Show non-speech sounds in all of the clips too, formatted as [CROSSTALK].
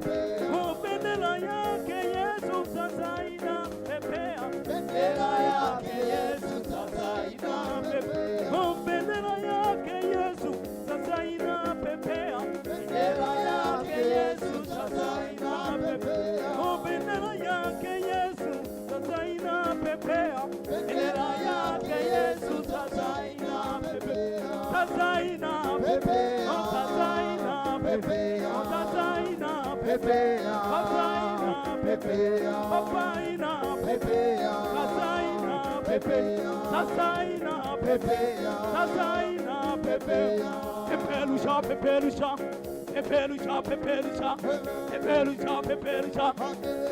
baby. pepea papaina pepea papaina pepea sasaina pepea sasaina pepea sasaina pepea epelusha pepelusha epelusha pepelusha epelusha pepelusha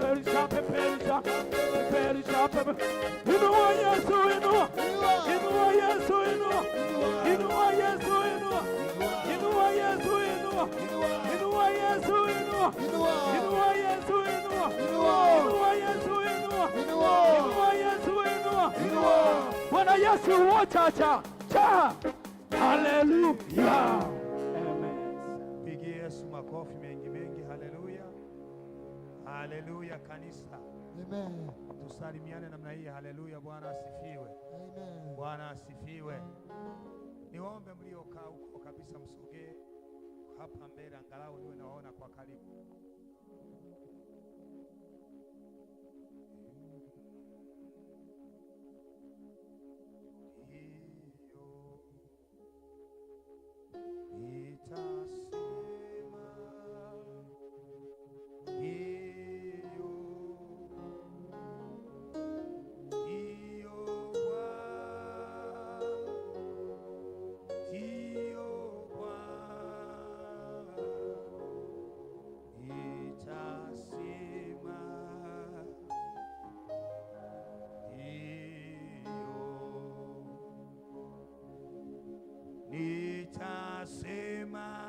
Perişan you perişan pe perişan cha Hallelujah Haleluya kanisa. Amen. Tusalimiane namna hii. Haleluya, Bwana asifiwe. Amen. Bwana asifiwe. niwaombe mliokaa huko kabisa msogee hapa mbele, angalau niwe nawaona kwa karibu. my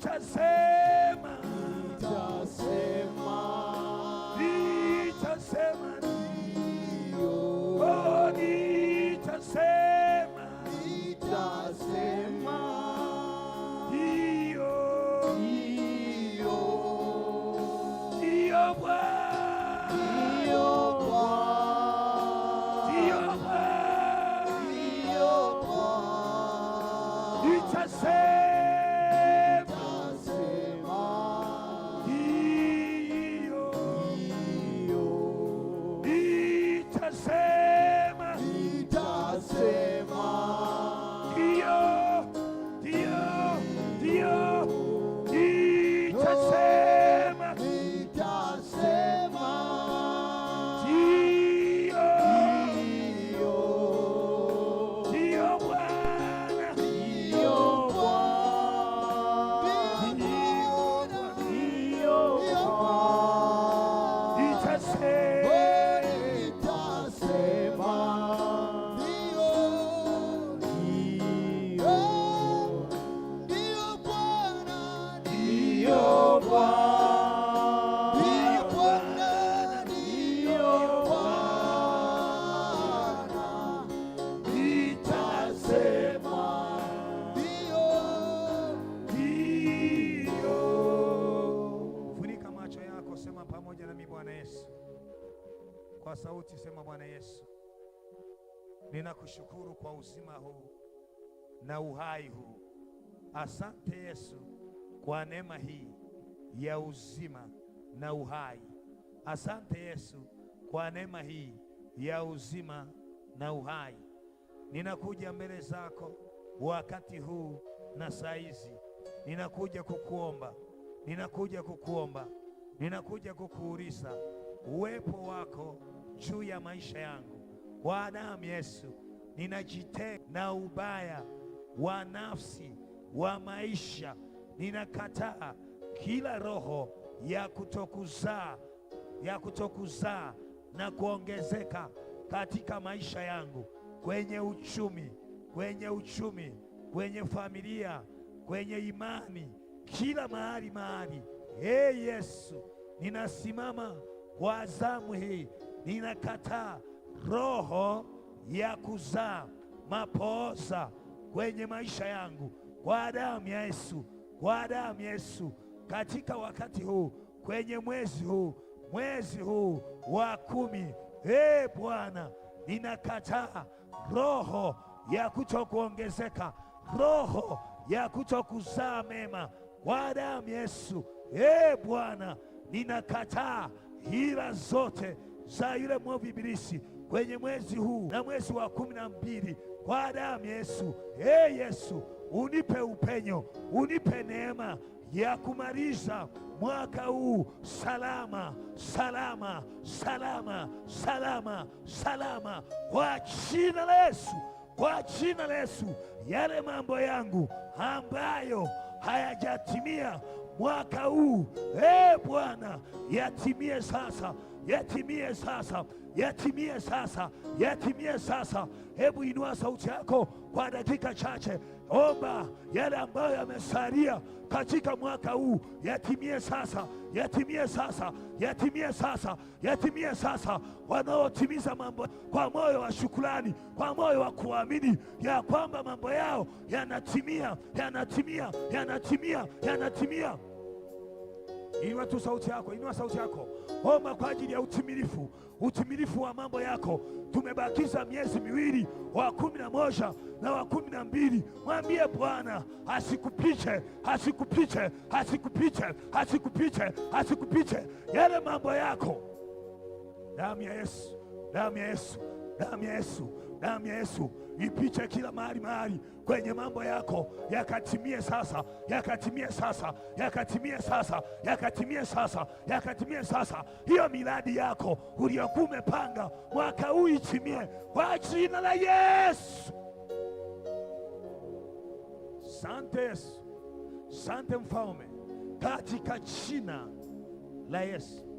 dizer. Bwana Yesu. Kwa sauti sema, Bwana Yesu, ninakushukuru kwa uzima huu na uhai huu. Asante Yesu kwa neema hii ya uzima na uhai. Asante Yesu kwa neema hii ya uzima na uhai. Ninakuja mbele zako wakati huu na saizi, ninakuja kukuomba, ninakuja kukuomba ninakuja kukuuliza uwepo wako juu ya maisha yangu. Kwa damu Yesu, ninajitenga na ubaya wa nafsi wa maisha, ninakataa kila roho ya kutokuzaa ya kutokuzaa na kuongezeka katika maisha yangu, kwenye uchumi, kwenye uchumi, kwenye familia, kwenye imani, kila mahali mahali Ee Yesu, ninasimama kwa azamu hii, ninakataa roho ya kuzaa mapooza kwenye maisha yangu kwa damu ya Yesu, kwa damu ya Yesu, katika wakati huu, kwenye mwezi huu, mwezi huu wa kumi. Ee Bwana, ninakataa roho ya kutokuongezeka, roho ya kutokuzaa mema kwa damu ya Yesu. Ee Bwana, ninakataa hila zote za yule mwovu ibilisi kwenye mwezi huu na mwezi wa kumi na mbili kwa damu Yesu. Ee Yesu, unipe upenyo, unipe neema ya kumaliza mwaka huu salama salama salama salama salama, kwa jina la Yesu, kwa jina la Yesu. Yale mambo yangu ambayo hayajatimia mwaka huu. E Bwana, yatimie sasa, yatimie sasa, yatimie sasa, yatimie sasa. Hebu inua sauti yako kwa dakika chache, omba yale ambayo yamesalia katika mwaka huu yatimie sasa, yatimie sasa, yatimie sasa, yatimie sasa. Wanaotimiza mambo kwa moyo wa shukrani, kwa moyo wa kuamini ya kwamba mambo yao yanatimia, yanatimia, yanatimia, yanatimia Inua tu sauti yako, inua sauti yako, omba kwa ajili ya utimilifu, utimilifu wa mambo yako. Tumebakiza miezi miwili, wa kumi na moja na wa kumi na mbili. Mwambie Bwana asikupiche, asikupiche, asikupiche, asikupiche, asikupiche yale mambo yako. Damu ya Yesu, damu ya Yesu damu ya Yesu, damu ya Yesu ipite kila mahali mahali kwenye mambo yako, yakatimie sasa, yakatimie sasa, yakatimie sasa, yakatimie sasa, yakatimie sasa. Hiyo miradi yako uliyokuwa umepanga mwaka huu itimie kwa jina la Yesu. Sante Yesu, sante mfalme, katika jina la Yesu.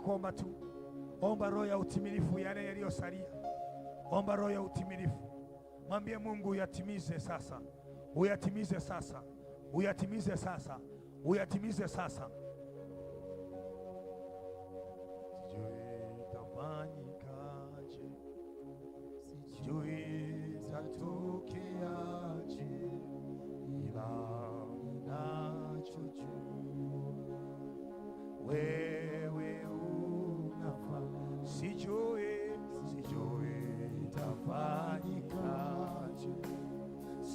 kuomba tu, omba roho ya utimilifu, yale yaliyosalia, omba roho ya utimilifu. Mwambie Mungu uyatimize sasa, uyatimize sasa, uyatimize sasa, uyatimize sasa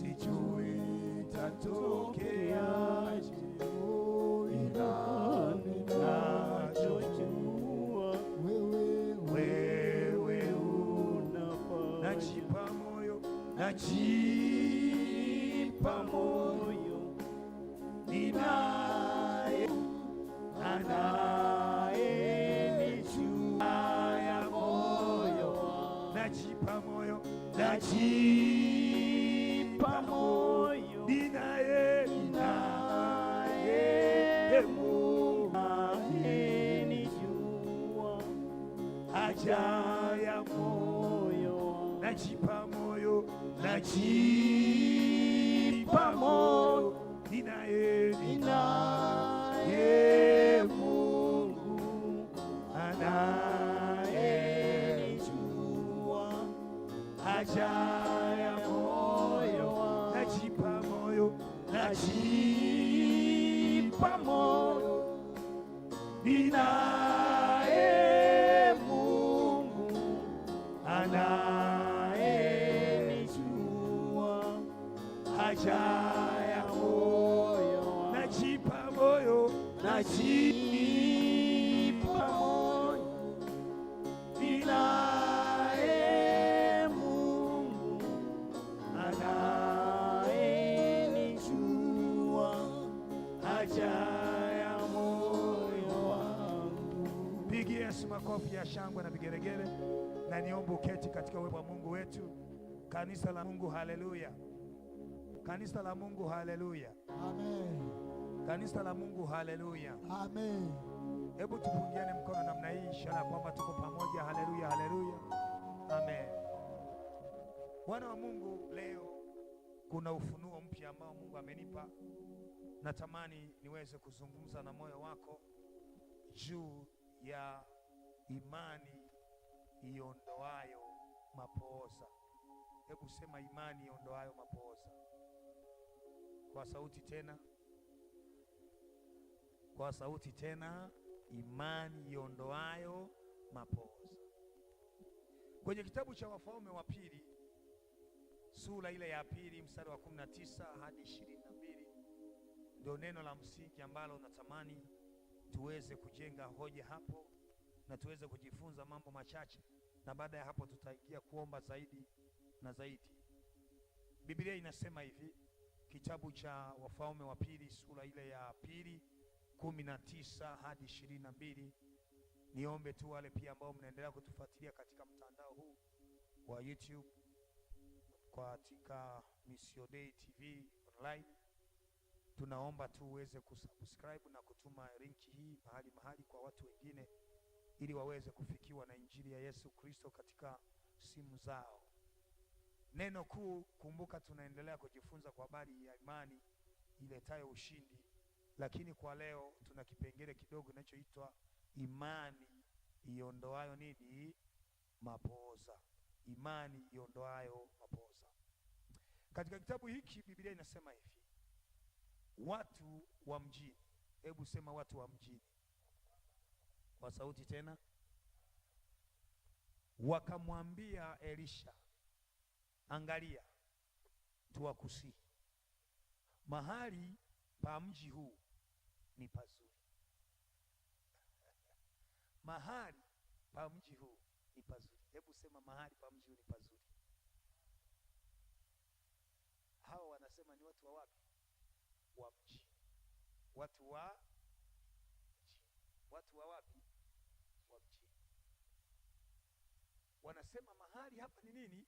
sijui tatokeaje, najipa moyo, ninaye anayenijua ya moyo, najipa moyo, najipa najipa moyo, najipa moyo, ninaye ninaye Mungu anayejua haja ya moyo, najipa moyo, najipa moyo, ninaye Yesu makofi ya shangwe na vigeregere, na niomba uketi katika uwepo wa Mungu wetu. Kanisa la Mungu, haleluya! Kanisa la Mungu, haleluya! Amen. Kanisa la Mungu, haleluya! Amen. Hebu tupungiane mkono namna hii, ishara kwamba tuko pamoja. Haleluya, haleluya, amen. Bwana wa Mungu, leo kuna ufunuo mpya ambao Mungu amenipa. Natamani niweze kuzungumza na moyo wako juu ya imani iondoayo mapooza. Hebu sema imani iondoayo mapooza kwa sauti tena, kwa sauti tena, imani iondoayo mapooza. Kwenye kitabu cha Wafalme wa Pili sura ile ya pili mstari wa 19 hadi 22 ndio neno la msingi ambalo natamani tuweze kujenga hoja hapo na tuweze kujifunza mambo machache, na baada ya hapo tutaingia kuomba zaidi na zaidi. Biblia inasema hivi, kitabu cha Wafalme wa Pili sura ile ya pili kumi na tisa hadi ishirini na mbili. Niombe tu wale pia ambao mnaendelea kutufuatilia katika mtandao huu wa YouTube katika Missio Dei TV online, tunaomba tu uweze kusubscribe na kutuma linki hii mahali mahali kwa watu wengine ili waweze kufikiwa na injili ya Yesu Kristo katika simu zao. Neno kuu, kumbuka, tunaendelea kujifunza kwa habari ya imani iletayo ushindi, lakini kwa leo tuna kipengele kidogo kinachoitwa imani iondoayo nini? Mapooza. Imani iondoayo mapooza. Katika kitabu hiki Biblia inasema hivi, watu wa mjini, hebu sema watu wa mjini kwa sauti tena, wakamwambia Elisha, angalia, tuwakusihi mahali pa mji huu ni pazuri, [LAUGHS] mahali pa mji huu ni pazuri. Hebu sema, mahali pa mji huu ni pazuri. Hawa wanasema ni watu wa wapi? Wa mji, watu wa mji, watu wa wapi? wanasema mahali hapa ni nini?